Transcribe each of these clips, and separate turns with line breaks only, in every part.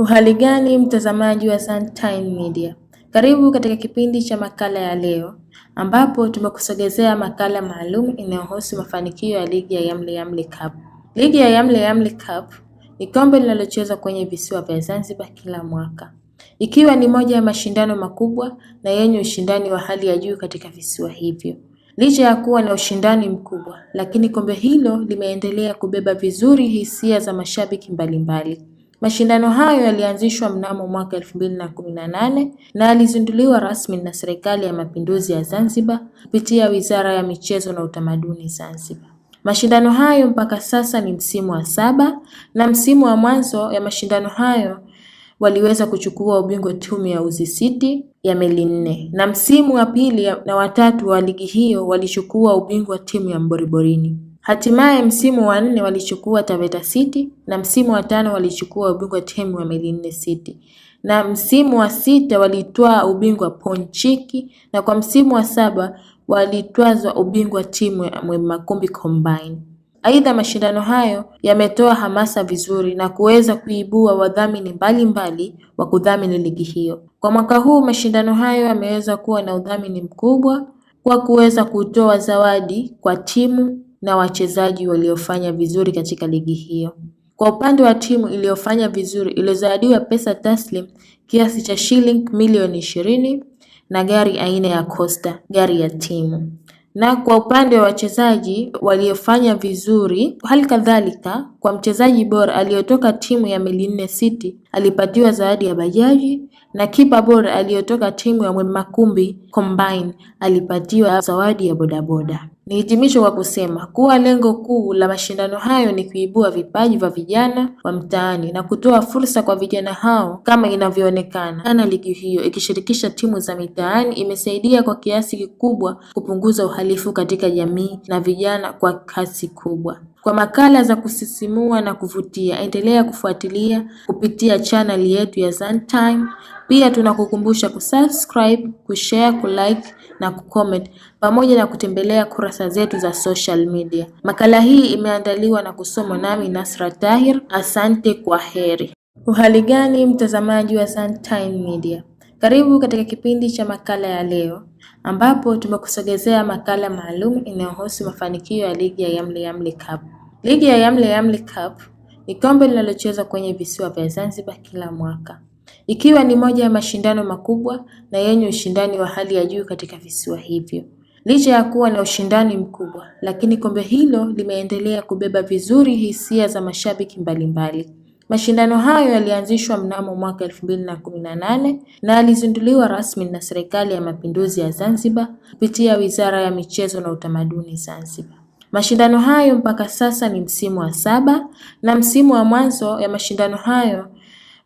Uhali gani mtazamaji wa Suntime Media, karibu katika kipindi cha makala ya leo, ambapo tumekusogezea makala maalum inayohusu mafanikio ya ligi ya Yamle Yamle Cup. Ligi ya Yamle Yamle Cup ni kombe linalochezwa kwenye visiwa vya Zanzibar kila mwaka, ikiwa ni moja ya mashindano makubwa na yenye ushindani wa hali ya juu katika visiwa hivyo. Licha ya kuwa na ushindani mkubwa, lakini kombe hilo limeendelea kubeba vizuri hisia za mashabiki mbalimbali mbali. Mashindano hayo yalianzishwa mnamo mwaka elfu na kumi nane na yalizinduliwa rasmi na Serikali ya Mapinduzi ya Zanzibar kupitia Wizara ya Michezo na Utamaduni Zanzibar. Mashindano hayo mpaka sasa ni msimu wa saba na msimu wa mwanzo ya mashindano hayo waliweza kuchukua ubingwa timu ya uzi city ya meli nne na msimu wa pili na watatu wa ligi hiyo walichukua ubingwa timu ya mboriborini. Hatimaye msimu wa nne walichukua Taveta City na msimu wa tano walichukua ubingwa timu ya Melinde City na msimu wa sita walitwaa ubingwa Ponchiki na kwa msimu wa saba walitwazwa ubingwa timu ya Mwemakumbi Combine. Aidha, mashindano hayo yametoa hamasa vizuri na kuweza kuibua wadhamini mbalimbali wa kudhamini ligi hiyo. Kwa mwaka huu mashindano hayo yameweza kuwa na udhamini mkubwa kwa kuweza kutoa zawadi kwa timu na wachezaji waliofanya vizuri katika ligi hiyo. Kwa upande wa timu iliyofanya vizuri iliyozawadiwa pesa taslim kiasi cha shilling milioni ishirini na gari aina ya Costa, gari ya timu. Na kwa upande wa wachezaji waliofanya vizuri, hali kadhalika kwa mchezaji bora aliyotoka timu ya Milinne City alipatiwa zawadi ya bajaji, na kipa bora aliyotoka timu ya Mwemakumbi Combine alipatiwa zawadi ya bodaboda. Nihitimishe kwa kusema kuwa lengo kuu la mashindano hayo ni kuibua vipaji vya vijana wa mtaani na kutoa fursa kwa vijana hao kama inavyoonekana ana ligi hiyo ikishirikisha timu za mitaani imesaidia kwa kiasi kikubwa kupunguza uhalifu katika jamii na vijana kwa kasi kubwa. Kwa makala za kusisimua na kuvutia, endelea kufuatilia kupitia chaneli yetu ya Zantime pia tunakukumbusha kusubscribe, kushare, kulike na kucomment pamoja na kutembelea kurasa zetu za social media. Makala hii imeandaliwa na kusomwa nami Nasra Tahir. Asante kwa heri. Uhali gani mtazamaji wa Zantime Media, karibu katika kipindi cha makala ya leo ambapo tumekusogezea makala maalum inayohusu mafanikio ya ligi ya Yamle Yamle Cup. Ligi ya Yamle Yamle Cup ni kombe linalochezwa kwenye visiwa vya Zanzibar kila mwaka ikiwa ni moja ya mashindano makubwa na yenye ushindani wa hali ya juu katika visiwa hivyo. Licha ya kuwa na ushindani mkubwa, lakini kombe hilo limeendelea kubeba vizuri hisia za mashabiki mbalimbali. Mashindano hayo yalianzishwa mnamo mwaka 2018 na yalizinduliwa rasmi na Serikali ya Mapinduzi ya Zanzibar kupitia Wizara ya Michezo na Utamaduni Zanzibar. Mashindano hayo mpaka sasa ni msimu wa saba na msimu wa mwanzo ya mashindano hayo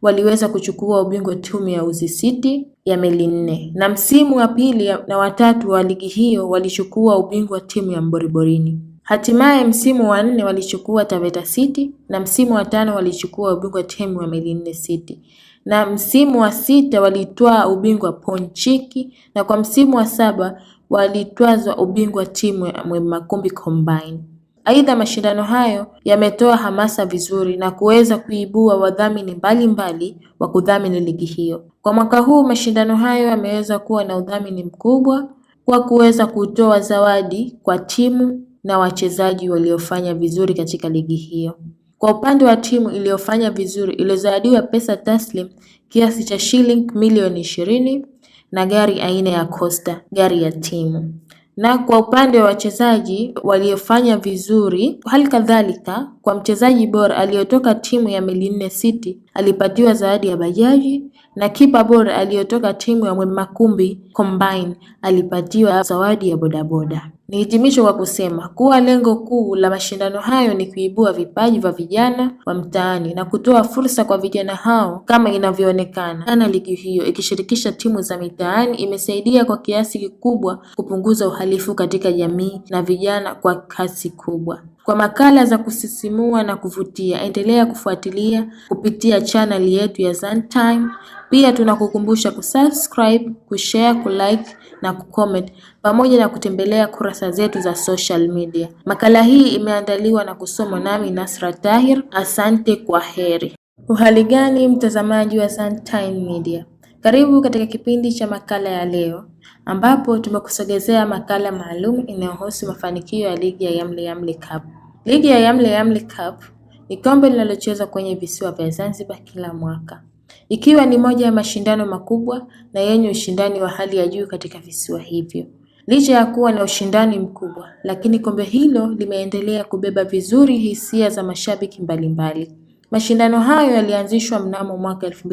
waliweza kuchukua ubingwa timu ya Uzi City ya meli nne, na msimu wa pili na watatu wa ligi hiyo walichukua ubingwa timu ya Mboriborini. Hatimaye msimu wa nne walichukua Taveta City na msimu wa tano walichukua ubingwa timu ya Meli Nne City na msimu wa sita walitwaa ubingwa Ponchiki na kwa msimu wa saba walitwazwa ubingwa timu ya Mwemakumbi Combine. Aidha, mashindano hayo yametoa hamasa vizuri na kuweza kuibua wadhamini mbalimbali wa kudhamini ligi hiyo. Kwa mwaka huu mashindano hayo yameweza kuwa na udhamini mkubwa kwa kuweza kutoa zawadi kwa timu na wachezaji waliofanya vizuri katika ligi hiyo. Kwa upande wa timu iliyofanya vizuri iliyozawadiwa pesa taslim kiasi cha shilingi milioni ishirini na gari aina ya Costa, gari ya timu na kwa upande wa wachezaji waliofanya vizuri, hali kadhalika kwa mchezaji bora aliyotoka timu ya Melinne City alipatiwa zawadi ya bajaji, na kipa bora aliyotoka timu ya Mwemakumbi Combine alipatiwa zawadi ya bodaboda nihitimisho kwa kusema kuwa lengo kuu la mashindano hayo ni kuibua vipaji vya vijana wa mtaani na kutoa fursa kwa vijana hao kama inavyoonekana. ana ligi hiyo ikishirikisha timu za mitaani imesaidia kwa kiasi kikubwa kupunguza uhalifu katika jamii na vijana kwa kasi kubwa kwa makala za kusisimua na kuvutia. Endelea kufuatilia kupitia channel yetu ya Zantime. Pia tunakukumbusha kusubscribe, kushare, kulike na kucomment pamoja na kutembelea kurasa zetu za social media. Makala hii imeandaliwa na kusomwa nami Nasra Tahir. Asante, kwa heri. Uhali gani mtazamaji wa Zantime Media, karibu katika kipindi cha makala ya leo ambapo tumekusogezea makala maalum inayohusu mafanikio ya ligi ya Yamle Cup. Ligi ya Yamle Cup ni kombe linalochezwa kwenye visiwa vya Zanzibar kila mwaka, ikiwa ni moja ya mashindano makubwa na yenye ushindani wa hali ya juu katika visiwa hivyo. Licha ya kuwa na ushindani mkubwa, lakini kombe hilo limeendelea kubeba vizuri hisia za mashabiki mbalimbali. Mashindano hayo yalianzishwa mnamo mwaka elfu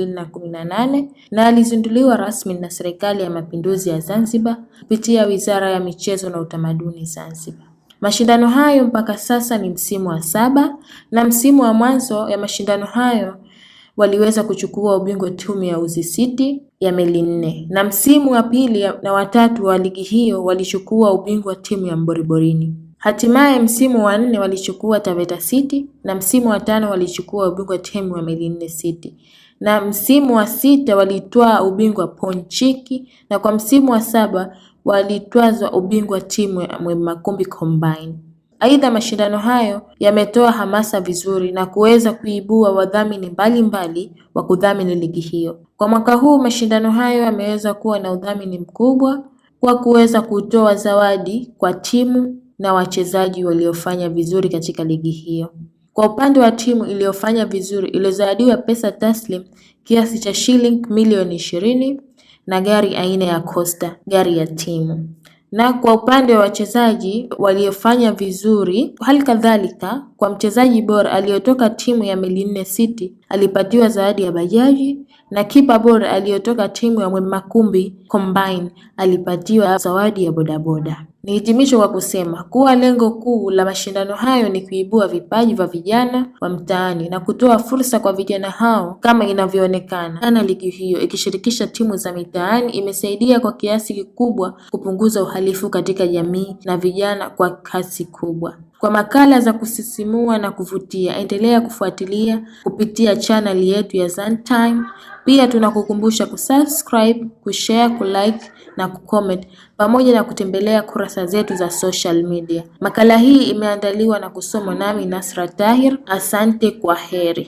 na nane na yalizinduliwa rasmi na Serikali ya Mapinduzi ya Zanzibar kupitia Wizara ya Michezo na Utamaduni Zanzibar. Mashindano hayo mpaka sasa ni msimu wa saba na msimu wa mwanzo ya mashindano hayo waliweza kuchukua ubingwa timu ya Uzi City ya meli nne na msimu wa pili na watatu wa ligi hiyo walichukua ubingwa timu ya Mboriborini. Hatimaye msimu wa nne walichukua taveta City na msimu wa tano walichukua ubingwa timu ya Medinine City na msimu wa sita walitwaa ubingwa Ponchiki na kwa msimu wa saba walitwazwa ubingwa timu ya Makumbi Combine. Aidha, mashindano hayo yametoa hamasa vizuri na kuweza kuibua wadhamini mbalimbali wa kudhamini ligi hiyo. Kwa mwaka huu mashindano hayo yameweza kuwa na udhamini mkubwa kwa kuweza kutoa zawadi kwa timu na wachezaji waliofanya vizuri katika ligi hiyo. Kwa upande wa timu iliyofanya vizuri ilizawadiwa pesa taslim kiasi cha shilingi milioni ishirini na gari aina ya Costa, gari ya timu. Na kwa upande wa wachezaji waliofanya vizuri, hali kadhalika kwa mchezaji bora aliyotoka timu ya Melinne City alipatiwa zawadi ya bajaji, na kipa bora aliyotoka timu ya Mwemakumbi Combine alipatiwa zawadi ya bodaboda nihitimisho kwa kusema kuwa lengo kuu la mashindano hayo ni kuibua vipaji vya vijana wa mtaani na kutoa fursa kwa vijana hao kama inavyoonekana ana ligi hiyo ikishirikisha timu za mitaani imesaidia kwa kiasi kikubwa kupunguza uhalifu katika jamii na vijana kwa kasi kubwa kwa makala za kusisimua na kuvutia. Endelea kufuatilia kupitia channel yetu ya Zantime. Pia tunakukumbusha kusubscribe, kushare, kulike na kucomment pamoja na kutembelea kurasa zetu za social media. Makala hii imeandaliwa na kusomwa nami Nasra Tahir. Asante, kwa heri.